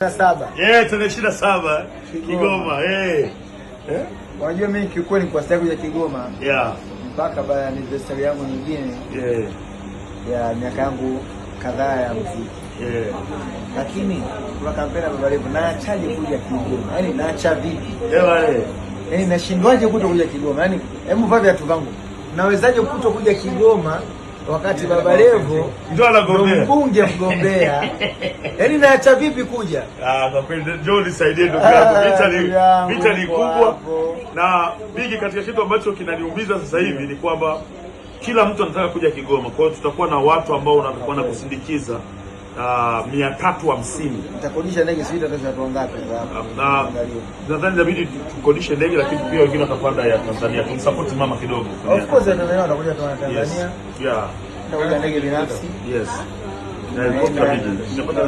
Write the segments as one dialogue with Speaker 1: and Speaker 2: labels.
Speaker 1: tarehe ishirini na saba Kigoma. Eh?
Speaker 2: Unajua mimi kiukweli kwa sababu ya Kigoma mpaka baada ya anniversary yangu nyingine ya miaka yangu kadhaa ya muziki yeah. Lakini kuna kampeni ya Babalevo, naachaje kuja Kigoma? Yaani naacha vipi? Eh. Yaani nashindwaje kuto kuja Kigoma? Yaani hebu vaa viatu vangu, nawezaje kuto kuja Kigoma? wakati Baba Levo ndo mbunge mgombea, yaani naacha vipi kuja?
Speaker 1: Ah, kwa kweli ndio nisaidie ndugu yangu, vita ah, ni vita ni kubwa na bigi. Katika kitu ambacho kinaniumiza sasa hivi ni kwamba kila mtu anataka kuja Kigoma, kwa hiyo tutakuwa na watu ambao wanatakuwa na kusindikiza Uh, mia tatu hamsini
Speaker 2: mtakodisha ndege sijui itatosha watu um,
Speaker 1: uh, Nadhani inabidi tukodishe ndege, lakini pia wengine watapanda ya Tanzania, tumsapoti mama kidogo.
Speaker 2: Of course Tanzania wanakuja kwa Tanzania, yeah, ndio ndege binafsi,
Speaker 1: yes, na helikopta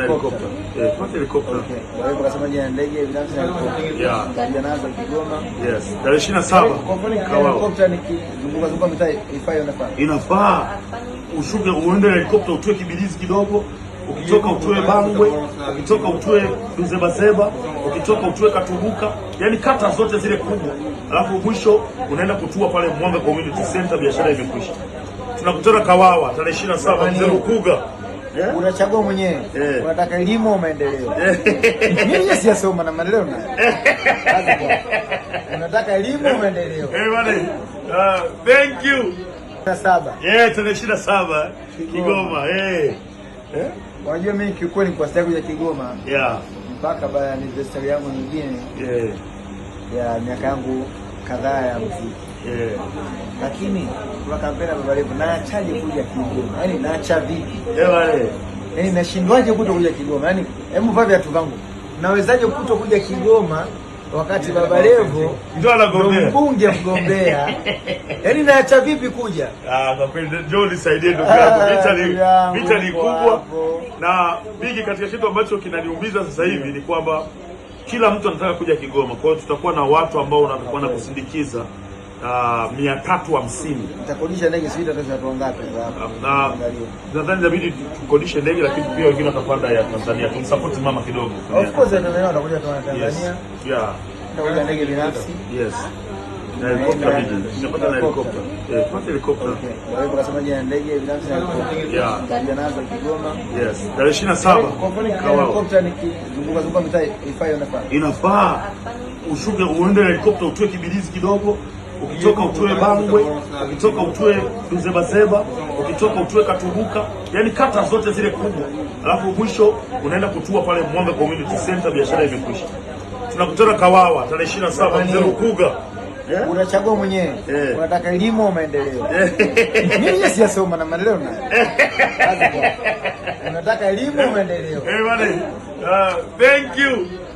Speaker 1: na helikopta, inafaa ushuke uende na helikopta utue kibilizi kidogo ukitoka utoe Bangwe, ukitoka utoe Mzebazeba, ukitoka utoe Katubuka, yani kata zote zile kubwa, alafu mwisho unaenda kutua pale Mwanga Community Center, biashara imekwisha. Tunakutana Kawawa tarehe 27 Mzee yaani, Lukuga.
Speaker 2: Yeah. Unachagua mwenyewe. Yeah. Unataka elimu au maendeleo? Mimi siyasoma na maendeleo na. Unataka elimu au maendeleo?
Speaker 1: Eh, bwana. Uh, thank you. 27. Eh, tarehe 27 Kigoma. Eh.
Speaker 2: Eh? Unajua mimi kiukweli kwa staili ya Kigoma yeah. mpaka baada ni staili yangu nyingine yeah. ya miaka yangu kadhaa ya muziki yeah. lakini kuna kampeni Baba Levo, naachaje kuja Kigoma? Yaani naacha vipi? yeah, yaani nashindwaje kuto kuja Kigoma? Yaani hebu vaa viatu vangu, nawezaje kuto kuja Kigoma wakati Baba Levo
Speaker 1: ndio
Speaker 2: mbunge mgombea. Yaani naacha vipi kuja?
Speaker 1: Ah, kwa kweli ndio nisaidie ndugu yangu, vita ah, ni vita ni kubwa na bigi. Katika kitu ambacho kinaniumiza sasa hivi ni kwamba kila mtu anataka kuja Kigoma, kwa hiyo tutakuwa na watu ambao wanakuwa na kusindikiza Uh, mia tatu hamsini.
Speaker 2: Utakodisha ndege sijui itatosha watu wangapi?
Speaker 1: Um, nadhani inabidi tukodishe ndege, lakini pia wengine watapanda ya Tanzania, tumsapoti mama kidogo.
Speaker 2: Of course Tanzania watakuja kwa Tanzania. Yeah. Utakuja ndege binafsi.
Speaker 1: Yes. Na helikopta hizi. Nimepata na helikopta. Eh, pata helikopta.
Speaker 2: Wewe ukasema je, ndege binafsi na helikopta. Yeah. nazo Kigoma.
Speaker 1: Yes. Tarehe 27.
Speaker 2: Kwa mfano helikopta ni kizunguka zunguka mitaa ifai inafaa.
Speaker 1: Inafaa. Ushuke uende helikopta utue kibilizi kidogo ukitoka utue Bangwe, ukitoka utue Luzebazeba, ukitoka utue Katubuka, yani kata zote zile kubwa, alafu mwisho unaenda kutua pale Mwanga Community Center, biashara imekwisha. Tunakutana Kawawa tarehe ishirini na saba mzee Lukuga.
Speaker 2: Yeah. Eh? Unachagua mwenyewe.
Speaker 1: Yeah. Unataka
Speaker 2: elimu au maendeleo? Mimi yeah. siyasoma na maendeleo na. Unataka elimu au maendeleo?
Speaker 1: Eh, bwana. Ah, thank you.